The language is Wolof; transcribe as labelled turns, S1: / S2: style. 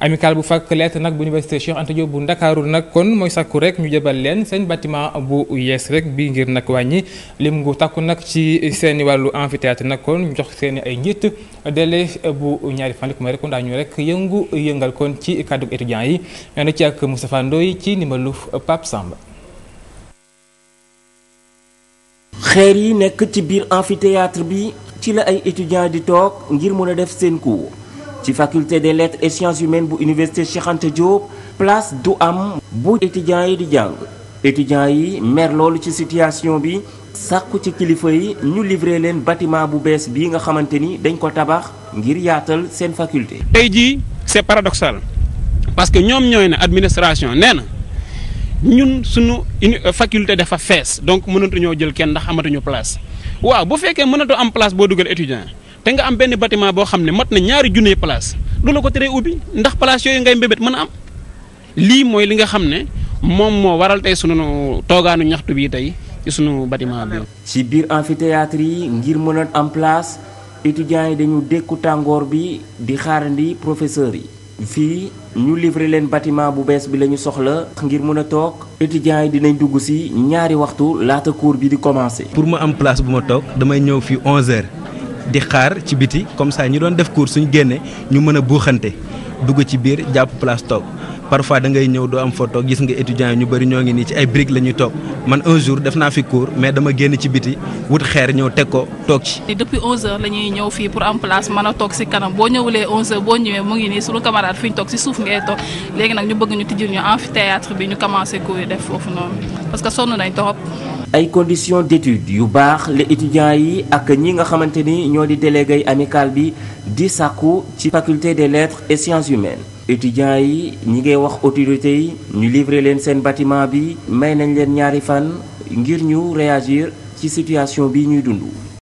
S1: amicale bu faculté nag bu université Cheikh Anta Diop bu Ndakaaru nag kon mooy sakku rek ñu jëbal leen seen bâtiment bu yees rek bii ngir nag wàññi lim gu takku nag ci seeni wàllu amphithéâtre nag kon ñu jox seen ay njiit délai bu ñaari fan rek mooy rek yëngu yëngal kon ci kàddu étudiants yi ñoo na ci ak Moustapha Ndoye ci ndimbalu Pape Samba. xeer yi nekk ci biir amphithéâtre bi
S2: ci la ay étudiants di toog ngir mën a def seen cours. ci faculté des lettres et sciences humaines bu université Cheikh Anta Diop place du am bu étudiants yi di jàng étudiants yi mer loolu ci situation bi sàkku ci kilifa yi ñu livré leen bâtiment bu
S3: bees bii nga xamante ni dañ ko tabax ngir yaatal seen faculté. tey jii c'est paradoxal parce que ñoom ñooy ne administration nee na ñun suñu faculté dafa fees donc mënatuñoo jël kenn ndax amatuñu place waaw bu fekkee mënatoo am place boo dugal étudiant. te nga am benn bâtiment boo xam ne mat na ñaari junne place du la ko teree ubbi ndax place yooyu ngay mbébét mën a am lii mooy li nga xam ne moom moo waral tey sunu toogaanu ñaxtu bii tey ci sunu bâtiment bi. ci biir amphithéâtre yi ngir mën a am
S2: place étudiants yi dañu dékku tàngoor bi di xaarandi professeurs yi. fii ñu livré leen bâtiment bu bees bi la ñu soxla ngir mën a toog étudiants yi dinañ dugg ci ñaari waxtu laata cours bi di commencer.
S4: pour ma am place bu ma toog damay ñëw fii 11h. di xaar ci biti comme ça ñi doon def cours suñu génnee ñu mën a buuxante dugg ci biir jàpp place toog parfois da ngay ñëw doo am photo gis nga étudiants yi ñu bëri ñoo ngi nii ci ay briques la ñuy toog man un jour def naa fi cours mais dama génn ci biti wut xeer ñëw teg ko toog ci.
S5: depuis 11h la ñuy ñëw fii pour am place mën a toog si kanam boo ñëwulee 11h boo ñëwee mu ngi nii suñu camarade fi ñu toog si suuf ngay toog léegi nag ñu ñu tijjil ñu amphithéâtre bi ñu commencé cours yi def parce que sonn nañ trop.
S2: ay conditions d'études yu baax la étudiants yi ak ñi nga xamante ni ñoo di délégué amical bi di sàkku ci faculté des lettres et sciences humaines étudiants yi ñi ngay wax autorités yi ñu livrer leen seen bâtiment bi may nañ leen ñaari fan ngir ñu réagir ci situation bi ñuy dund